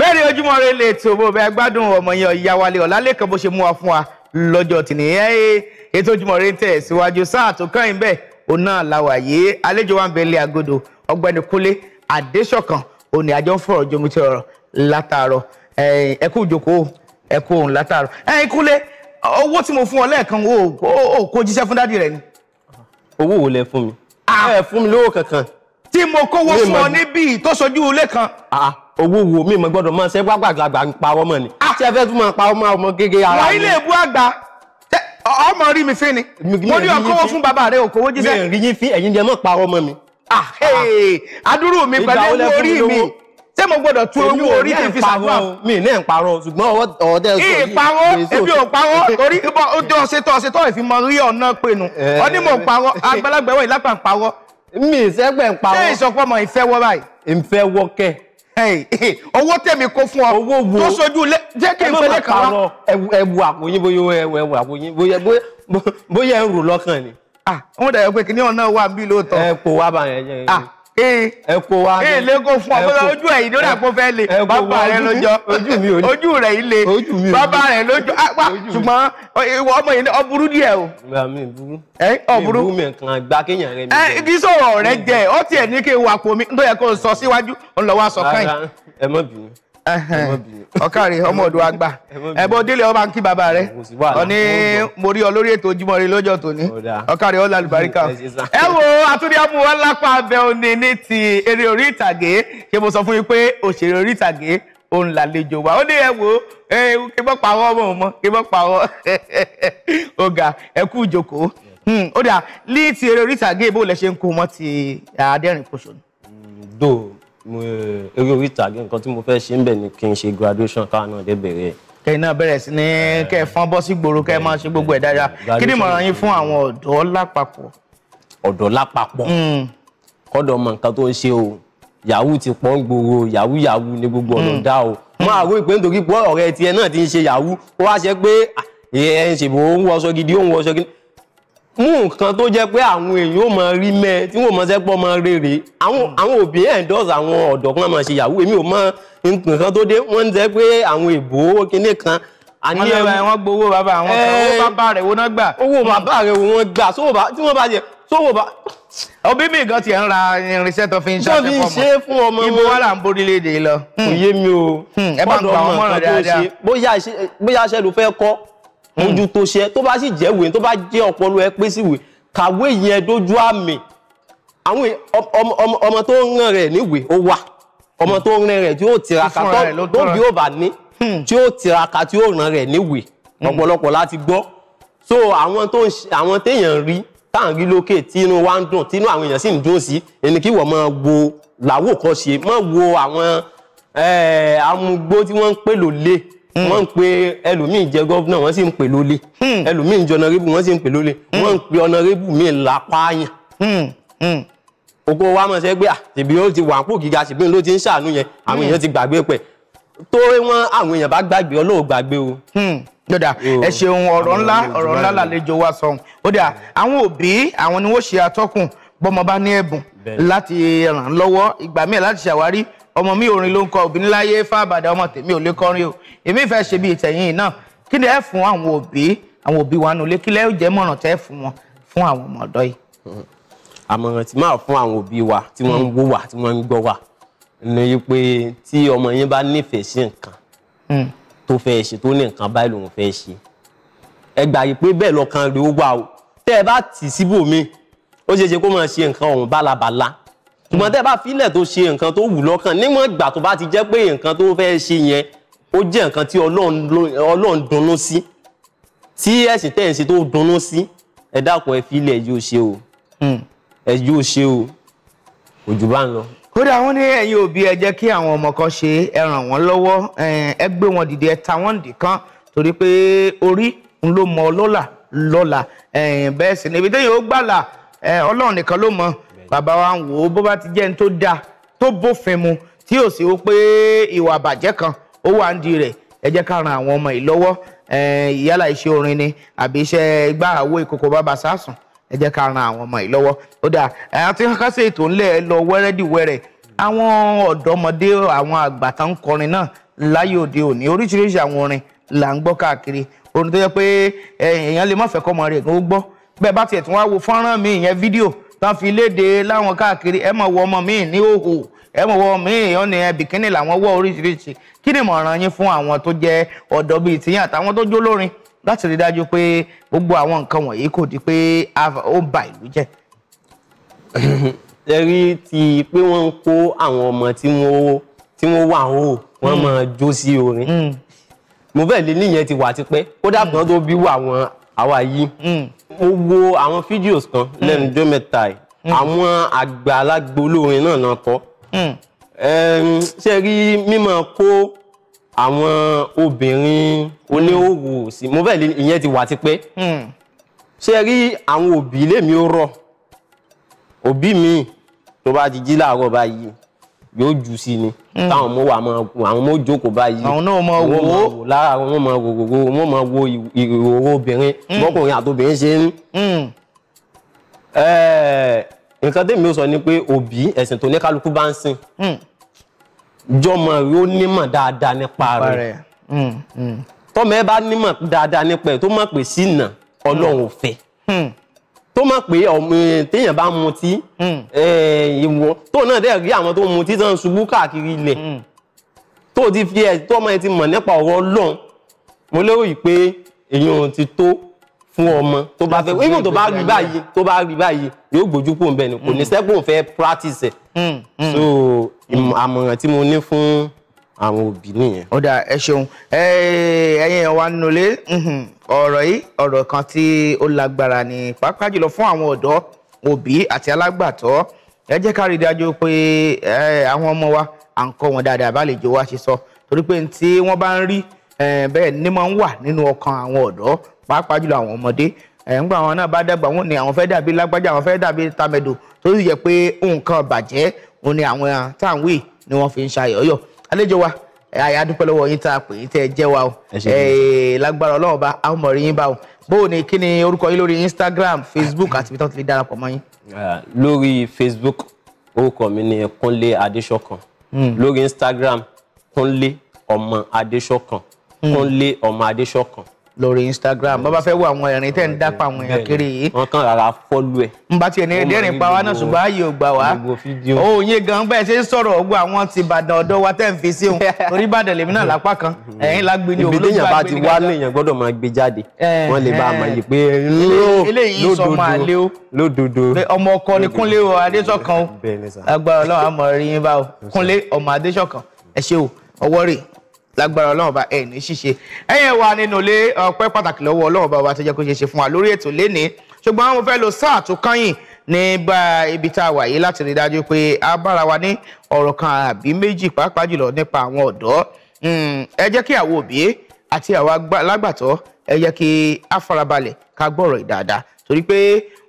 bẹ́ẹ̀ni ojúmọ́ rẹ lè tó bó bẹ́ẹ̀ gbádùn ọmọ yẹn Ọ̀yáwálé Ọ̀làlẹ́kan bó ṣe mú wa fún wa lọ́jọ́ tìní ètò ojúmọ́ rẹ ń tẹ̀ síwájú sáà tó kàn bẹ́ẹ̀ òun náà làwà yìí àlejò wa ń bẹ ilé agodo ọ̀gbẹ́ni Kúnlé Adéṣọ̀kan òun àjọ ń fọ̀rọ̀ jomi ti ọ̀rọ̀ látàárọ̀ ẹ kú ìjókòó ẹ kú òun látàárọ̀ ẹ̀yin Kúnlé owó tí mo fún ọ lẹ́ẹ̀kan o kò jíṣẹ́ fún dádì rẹ ni. owó wo lẹ fún mi. Ah. ẹ fún mi lówó tí mo kówó fún ọ níbí tó ṣojú ilé kan. Ah owó wo mi mọ gbọ́dọ̀ mọ ṣe gbàgbàgbà ń parọ́ mọ ni. a ṣe fẹ́ tún máa parọ́ máa ọmọ gẹ́gẹ́ ara mi. wàá ilé ìbú àgbà ọmọ rí mi fín ni mo ní ọkọwọ fún bàbá rẹ òkòwò jíṣẹ́. mi ò rí yín fín ẹ̀yin jẹ́ mọ́ parọ́ mọ mi. àdúrú ah, ah. mi pẹ̀lú owó orí mi ṣé mo gbọ́dọ̀ tún owó orí tí fi ṣàdúrà. mi ní ẹ̀ ń parọ́ ṣùgbọ́n ọwọ́ ọ̀dẹ́ sọ yìí. ìparọ́ ebi ò parọ́ torí ojú ọ̀sẹ̀ tó ọ̀sẹ̀ tó ìfimọ̀ rí ọ̀nà pinnu ọní eh. mò ń parọ́ agbálagbẹ̀wọ̀ ìlápá ń parọ́. mi ìṣẹ́gbẹ̀ ń parọ́. ṣé ìsọpọ̀ mọ̀ ìfẹ́ wọ báyìí. ìfẹ́ wọ kẹ́ owó tèmi kó fún ọ owó wo tó sojú lé jẹ́ kí n fẹ́lẹ́ kàn án ẹ̀wù àpòyín bóyá ẹ̀wù àpòyín bóyá ẹ̀ ń rò lọ́kàn ni. àwọn ah, dàgbà pé kí ni ọ̀nà wà ń bí lóòótọ́. ẹ kò wá bàyẹn jẹ́ ah, ẹ̀kọ́ wa ni èlé kò fún ọpọlọ ojú ẹ̀ yìí lórí àpòfẹ́ le bàbá rẹ lójọ ah, ojú rẹ yìí le bàbá rẹ lójọ apá ṣùgbọ́n ìwọ ọmọ yìí ọ burú díẹ̀ o. mi burú mi burú mi kan gba kéèyàn rẹ mi jẹ. ẹ kí sọ̀rọ̀ rẹ jẹ ọ tiẹ̀ ní kí n wà pọ̀ mi tó yẹ kó sọ síwájú òun lọ́wọ́ sọ káyìn. ẹ má bínú. ọkàrẹ ọmọ ọdún àgbà ẹbọ délé ọma nkị baba rẹ ọní mori ọ lórí ètò Ojúmọ́ Ire lọ́jọ́ tòní ọkàrẹ ọlá àlùbáríkà ẹ wo àtúndíàmú ọlápá abẹ òní ní ti eré orí mo sọ fún yín pé òṣèré orí ìtàgé wa wo eré orí ìtàgé nǹkan tí mo fẹ́ ṣe ń bẹ̀ ni kí n ṣe graduation káwọn náà dé bẹ̀rẹ̀ kẹyìn náà bẹ̀rẹ̀ sí ní kẹ fọn bọ́ sí gbòòrò kẹ máa ṣe gbogbo ẹ̀ dáadáa kí ni ìmọ̀ràn yín fún àwọn ọ̀dọ́ lápapọ̀. ọ̀dọ́ lápapọ̀ hmm. kọ́dọ̀ mọ nǹkan tó ń ṣe o yahoo ti pọ̀ gbòòrò yahoo yahoo ni gbogbo ọ̀nà hmm. dá o máa rò ìpè nítorí pé ọ̀rẹ́ tiẹ̀ náà ti ń ṣe yahoo ó wá ṣe pé ẹ̀ ń ṣèbò ó ń wọṣọ gidi ó ń wọṣọ gidi mú nǹkan tó jẹ́ pé àwọn èèyàn ó mọ rí mẹ́ tí wọ́n mọ sẹ́pọ̀ mọ rere àwọn òbí endorse àwọn ọ̀dọ́ kan máa ṣe yahoo èmi ò mọ nǹkan tó dé wọ́n ń jẹ́ pé àwọn èbó kinní kan àní ẹ wọ́n gbowó bàbá àwọn owó eh, bàbá rẹ̀ wọ́n gbà owó bàbá rẹ̀ wọ́n gbà tí wọ́n bá jẹ sówó bá. òbí mi gan ti ń ra irinṣẹ́ tó fi ń ṣàṣẹ fọmọ fún ọmọ ibo wà là ń borílẹ̀-èdè lọ. kò yé mi o. Hmm, mójútó hmm. ṣe tó bá sì jẹ́ ìwé tó bá jẹ́ ọpọlọ ẹ pé síwèé kàwé yẹn dójú àmì àwọn ọmọ tó ń ràn rẹ̀ níwèé ó wà ọmọ hmm. tó ń ràn rẹ̀ tí ó tiraka tó bí ó bá ní hmm. tí ó tiraka tí ó ràn rẹ̀ níwèé ọ̀pọ̀lọpọ̀ láti gbọ́ so àwọn tó ń àwọn téèyàn rí tá à ń rí lókè tí inú wa ń dùn tí inú àwọn èèyàn sì ń dùn sí ẹni kí wọ́n máa wo làwòkọ́ṣe máa wo àwọn amúgbó tí wọ́n ń pè lò lé Hmm. wọ́n ń pe ẹlòmíì jẹ gọ́vnà wọ́n sì ń pè lólè hmm. ẹlòmíì jẹ ọ̀nàrẹ́bù wọ́n sì ń pè lólè hmm. wọ́n ń pe ọ̀nàrẹ́bù míì lápáyàn oko wa mọ̀ sẹ́gbẹ́ à tèbi ah, ó ti wà ń pò gíga tèbi ló ti ń ṣàánú yẹn àwọn èèyàn ti gbàgbé pẹ̀ tó wọn àwọn èèyàn bá gbàgbé ọlọ́ọ̀ gbàgbé o. dọ́dà ẹ ṣeun ọ̀rọ̀ ńlá ọ̀rọ̀ ńlá làlejò wa sọ dọ́dà àwọn òbí àwọn ni wọ́n ṣe atọ́kùn bọ́mọ bá ní ẹ̀bùn láti ràn lọ́wọ́ ìgbà míì láti ṣàwárí ọmọ mi orin ló ń kọ obìnrin láyé fábàdà ọmọ tèmi ò lè kọrin o èmi fẹ́ ṣe bíi tẹ̀yìn náà kí ni ẹ fún àwọn òbí àwọn òbí wa nulẹ̀ kí lẹ́yìn jẹ́ mọ̀ràn tẹ́ fún wọn fún àwọn ọmọ ọ̀dọ́ yìí. àmọ̀ràn tí máa fún àwọn òbí wa tí wọ́n ń wò hmm. wá tí wọ́n ń gbọ́ wá ni pé tí ọmọ yẹn bá nífẹ̀ẹ́ sí nǹkan hmm. tó fẹ́ ṣe tó ní nǹkan báyìí lòun fẹ́ ṣe ẹ gbà yìí pé bẹ́ẹ̀ lọ́kàn rẹ̀ wà o tẹ́ ẹ bá tì síbòmíì ó ṣeé kó máa ṣe nǹkan ọ̀hún bálabàla ṣùgbọ́n tẹ́ bá filẹ̀ tó ṣe nǹkan tó wù lọ́kàn níwọ̀n ìgbà tó bá ti jẹ́ pé nǹkan tó fẹ́ ṣe yẹn ó jẹ́ nǹkan tí Ọlọ́run dunnú sí tí ẹ̀sìn tẹ̀ ń ṣe tó dunnú sí ẹ dákun ẹ filẹ̀ ẹ yóò ṣe o hmm. ẹ yóò ṣe o kò jù bá ń lọ. kódà wọn ní ẹ̀yin òbí ẹ jẹ́ kí àwọn ọmọ kan ṣe ẹ ràn wọ́n lọ́wọ́ ẹ gbé wọn dìde ẹ ta wọn dì kan torí pé orí ń ló mọ lọ́là lọ́là bẹ́ẹ̀ sì ni ibi téèyàn ó gbàlà Ọlọ́run nìkan ló mọ bàbá wa ń wò ó bó bá ti jẹ́ ní tó dáa tó bófin mu tí ò sí ó pé ìwà àbàjẹ́ kan ó wà ń di rẹ̀ ẹ jẹ́ ká ran àwọn ọmọ yìí lọ́wọ́ yálà iṣẹ́ orin ni àbí iṣẹ́ gbàràwó ìkòkò bàbá sásùn ẹ jẹ́ ká ran àwọn ọmọ yìí lọ́wọ́ ó dáa àti kásẹ̀ ètò ńlẹ̀ lọ wẹ́rẹ́dìwẹ́rẹ́ àwọn ọ̀dọ́mọdé àwọn àgbà tó ń kọrin náà láyé òde òní oríṣiríṣi àwọn orin là ń gbọ́ káàkiri orin tó yẹ pé èèyàn lè má fẹ́ kọ́ ọmọ rẹ̀ kó gbọ́ bẹ́ẹ̀ bá tiẹ̀ tún wá wo fọ́nrán mi ìyẹn fídíò tán fi léde láwọn káàkiri ẹ mọ̀ wọ ọmọ míì ní òhò ẹ mọ̀ wọ míì ọ̀nà bìkínì làwọn wọ̀ oríṣiríṣi kí ni ìmọ̀ràn yín fún àwọn tó jẹ́ ọ̀dọ́ bíi tìyàn àtàwọn tó jólórin láti rí dájú pé gbogbo àwọn nǹkan wọ̀nyí kò di pé ó ń ba ìlú jẹ́. ẹ rí ti pé wọ́n ń kó àwọn ọmọ tí wọ́n tí wọ́n wà ó wọ́n hmm. máa jó sí orin hmm. mo bẹ́ẹ̀ lé níyẹn ti wà tipẹ́ kódà hmm. kan tó bí wà àwọn àwa yìí mo wo àwọn fídíòs kan hmm. lẹ́nu jọ́ mẹ́ta yìí hmm. àwọn àgbà alágbo olórin náà náà kọ́ hmm. ṣe rí mímọ kó àwọn obìnrin oníhòòhò sí mo fẹ́ ìyẹn ti wà tipẹ́ ṣe rí àwọn òbí lèmi ó rọ̀ òbí mi tó bá ti jí láàárọ̀ báyìí yóò jù sí ni táwọn ọmọ wa máa gun àwọn ọmọ jókòó báyìí àwọn náà máa wò ó lára wọn máa wò wò wọn máa wo ìròwò obìnrin hmm. bọ́kùnrin àtobìnrin ṣe ń. Hmm. nǹkan tẹ́mi ó sọ ni pé òbí ẹ̀sìn tó ní kálukú bá ń sìn hmm. jọmọ rẹ ó nímọ̀ dáadáa nípa rẹ̀ tọ́mọ ẹ bá nímọ̀ dáadáa nípa ẹ̀ tó mọ̀ pé sínà ọlọ́run ò fẹ́ tó mọ̀ pé eh, téèyàn bá mutí hmm. eh, ìwọ tó náà dẹ̀ rí àwọn tó mutí tó ń ṣubú káàkiri ilẹ̀ hmm. tó ti fi ẹ̀ tó ọmọ ẹ ti mọ̀ nípa ọ̀rọ̀ Ọlọ́run mo lérò yìí pé èèyàn ti tó fún ọmọ tó bá fẹ́ even tó bá rí báyìí tó bá rí báyìí yóò gbójú pò ń bẹ̀ ni kò ní hmm. sẹ́kùn fẹ́ practice ẹ̀ so àmọ̀ràn tí mo ní fún àwọn òbí nìyẹn. ó dà ẹ ṣeun ẹ̀yin ẹ̀wà nulẹ̀ mhm, ọ̀rọ̀ yìí ọ̀rọ̀ kan tí ó lágbára ni pàápàá jùlọ fún àwọn ọ̀dọ́ òbí àti alágbàtọ́ ẹ jẹ́ ká rí i dájú pé àwọn ọmọ wa à ń kọ́ wọn dáadáa bá lè jọ wá ṣe sọ torí pé tí wọ́n bá ń rí bẹ́ẹ̀ ni máa ń wà nínú ọkàn àwọn ọ̀dọ́ pàápàá jùlọ àwọn ọmọdé ńgbà àwọn náà bá dàgbà wọn ni àwọn fẹ́ dàbí lágbájá àwọn fẹ́ dàbí tamẹ́dò tó sì yẹ pé nǹkan bàjẹ́ òun ni àwọn táwọn wí ni wọ́n fi ń ṣayọ̀yọ̀ àlejò wa àyà dúpẹ́ lọ́wọ́ yín tá a pè yín tẹ́ ẹ jẹ́ wa o lágbára ọlọ́run bá a mọ̀ rí yín bá o bó o ní kí ni orúkọ yín lórí Instagram Facebook àti ibi tí wọ́n ti lè darapọ̀ mọ́ yín. lórí Facebook orúkọ mi ni Kúnlé Adéṣọ̀kan hmm. lórí Instagram Kúnlé ọmọ Adéṣọ̀kan hmm. Kúnlé ọmọ Adéṣọ̀kan lórí instagram bàbá fẹ́ wo àwọn ẹ̀rín tẹ́ ń dápọ̀ àwọn èèyàn kiri yìí. wọn kàn rárá fọ́lù ẹ̀. n bá tiẹ̀ ní ẹ̀dẹ́rìn pa wá náà ṣùgbọ́n ààyè ò gbà wá. òun yé gan bẹ́ẹ̀ ṣe ń sọ̀rọ̀ ọgbọ́ àwọn ti Ìbàdàn ọ̀dọ́ wa tẹ́ ń fi sí òun torí Ìbàdàn lèmi náà lápá kan mm-hmm. ẹ̀yìn lágbè ní olóògbé àgbè nígbà. ibi téèyàn bá ti wá léèyàn gbọ́dọ̀ máa gbé jáde wọ́n lè bá a mọ̀ yìí pé lágbára ọlọ́run ọba ẹ̀ ní ṣíṣe ẹ̀yẹn wà nínú ilé ọpẹ́ pàtàkì lọ́wọ́ ọlọ́run ọba ọba tó jẹ́ kó ṣe ṣe fún wa lórí ètò lénìí ṣùgbọ́n mo fẹ́ lo sáà tó kányìn nígbà ibi tá a wà yìí láti rí dájú pé a bára wa ní ọ̀rọ̀ kan àbí méjì pàápàá jùlọ nípa àwọn ọ̀dọ́ hmm, ẹ jẹ́ kí àwọn òbí àti àwọn alágbàtọ́ ẹ jẹ́ kí a farabalẹ̀ ká gbọ́rọ̀ ìdáadáa torí pé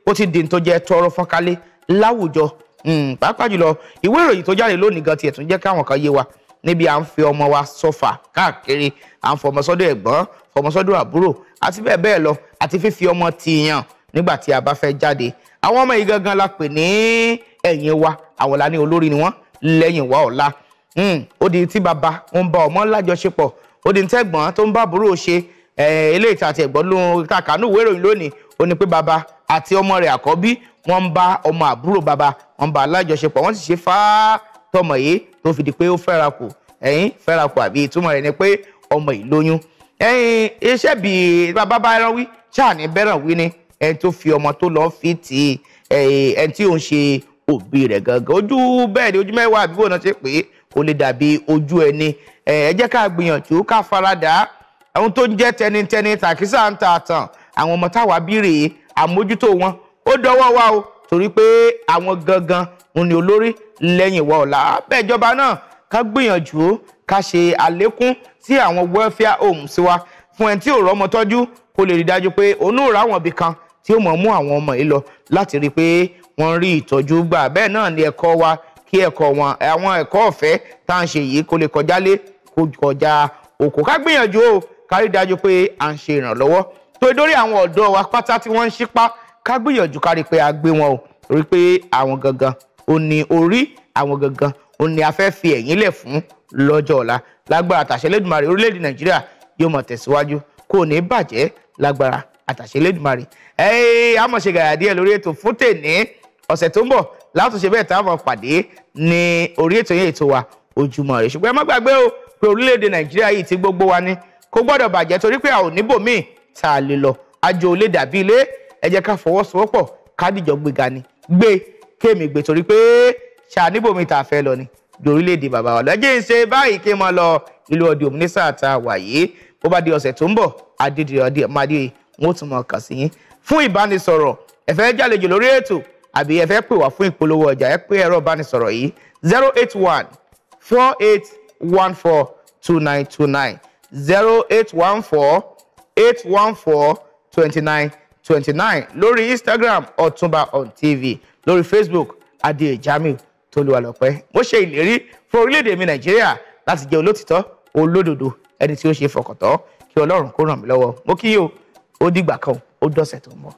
ó ti di ní tó jẹ́ tọrọ fọ́nkálé láwùjọ hmm, pàápàá jùlọ ìwé ìròyìn tó jáde lónìí gan tiẹ̀ tún jẹ́ káwọn kan yé wa níbi à ń fi ọmọ wa sọfà káàkiri à ń fọmọ sọ́dọ̀ ẹ̀gbọ́n fọmọ sọ́dọ̀ àbúrò àti bẹ́ẹ̀ bẹ́ẹ̀ lọ àti fífi ọmọ tìyàn nígbà tí a bá fẹ́ jáde àwọn ọmọ yìí gangan la pè ní ẹ̀yìn wa àwọn la ní olórí ni wọ́n lẹ́yìn wa ọ̀la hmm, ó di tí bàbá ń bá ọmọ lájọṣepọ̀ ó di tẹ́gbọ́n tó ń bá àbúrò ṣe eléyìí àti ẹ̀gbọ́n ló ń ta kánú ìwé ìròyìn lónìí ó ní pé bàbá àti ọmọ rẹ̀ àkọ́bí wọ́n ń bá ọmọ àbúrò bàbá wọ́n ń bá alájọṣepọ̀ wọ́n sì ṣe fáá tọmọ yìí tó fi di pé ó fẹ́ra kù ẹ̀yin fẹ́ràn kù àbí ìtumọ̀ rẹ̀ ni pé ọmọ ìlóyún ẹ̀yin iṣẹ́ bíi bàbá bá wí ṣáà bẹ́ràn wí ni ẹni tó fi ọmọ tó lọ fi ti ẹni tí ò ń ṣe òbí rẹ̀ gangan ojú bẹ́ẹ̀ ni ojú mẹ́wàá àbí bòóná ṣe pé kò lè dàbí ojú ẹni ẹ jẹ́ ká gbìyànjú ká faradà ohun tó ń jẹ́ tẹnitẹni tàkísà ń ta àtàn àwọn ọmọ táwa bí rèé àmójútó wọn ó dọwọ́ wa o torí pé àwọn gangan ń ní olórí lẹ́yìn wa ọ̀la bẹ́ẹ̀ ìjọba náà ká gbìyànjú ká ṣe àlékún sí àwọn welfare homes wa fún ẹni tí ò rọ́mọ tọ́jú kó lè rí dájú pé onúra àwọn ibì kan tí ó mọ̀ mú àwọn ọmọ yìí lọ láti rí i pé wọ́n rí ìtọ́jú gbà bẹ́ẹ̀ náà ni ẹ̀kọ́ wa kí ẹ̀kọ́ wọn àwọn ẹ̀kọ́ ọ̀fẹ́ tá à ń ṣe yìí kó lè kọjá lé kó kọjá òkú ká gbìyànjú o ká rí dájú pé à ń ṣe ìrànlọ́wọ́ tó dórí àwọn ọ̀dọ́ wa pátá tí wọ́n ń ṣípá ká gbìyànjú ká rí pé a gbé wọn o rí pé àwọn gangan ò ní orí àwọn gangan òun ni a fẹ́ fi ẹ̀yìn lẹ̀ fún lọ́jọ́ ọ̀la lágbára àtàṣe lẹ́dùnmarè orílẹ̀-èdè nàìjíríà yóò mọ̀ tẹ̀síwájú kò ní bàjẹ́ lágbára àtàṣe lẹ́dùnmarè. ẹ á mọ̀ gàyà díẹ̀ lórí ètò fún tèní ọ̀sẹ̀ tó ń bọ̀ látúnṣe bẹ́ẹ̀ tá a mọ̀ pàdé ní orí ètò yẹn ètò wa ojúmọ́ rẹ̀ ṣùgbọ́n ẹ má gbàgbé o pé orílẹ̀-èdè nàìjíríà yìí ti gbogbo wa ni kò gbọ́dọ̀ bàjẹ́ torí pé a ò níbò míì tá a lè lọ àjò ò lè dàbí ilé ẹ jẹ́ ká fọwọ́sowọ́pọ̀ kádìjọ́ gbéga ni gbé kéèmì gbé torí ṣàníbòmí tá a fẹ́ lọ ni lórílẹ̀‐èdè bàbá wa lọ́jọ́ ìṣe báyìí kí n máa lọ ìlú ọdẹ òmìnísà tá a wà yìí bó bá di ọ̀sẹ̀ tó ń bọ̀ adédìrẹ ọdẹ ọmọdé wọn ó tún mọ̀ kàn sí yín fún ìbánisọ̀rọ̀ ẹ fẹ́ jàlejò lórí ètò àbí ẹ fẹ́ pè wá fún ìpolówó ọjà ẹ pé ẹ̀rọ ìbánisọ̀rọ̀ yìí zero eight one four eight one four two nine two nine zero eight one four eight one four twenty nine twenty nine lórí Instagram Ọ̀túnba on TV lórí Facebook Adé Jamiu Tolúwalọpẹ́ mo ṣe ìlérí fún orílẹ̀-èdè mi Nàìjíríà láti jẹ́ olótìtọ́ olódodo ẹni tí ó ṣe fọkàntọ́ kí Ọlọ́run kó ràn mí lọ́wọ́ mo kí yín o ó dìgbà kan ó dọ̀sẹ̀ tó ń bọ̀.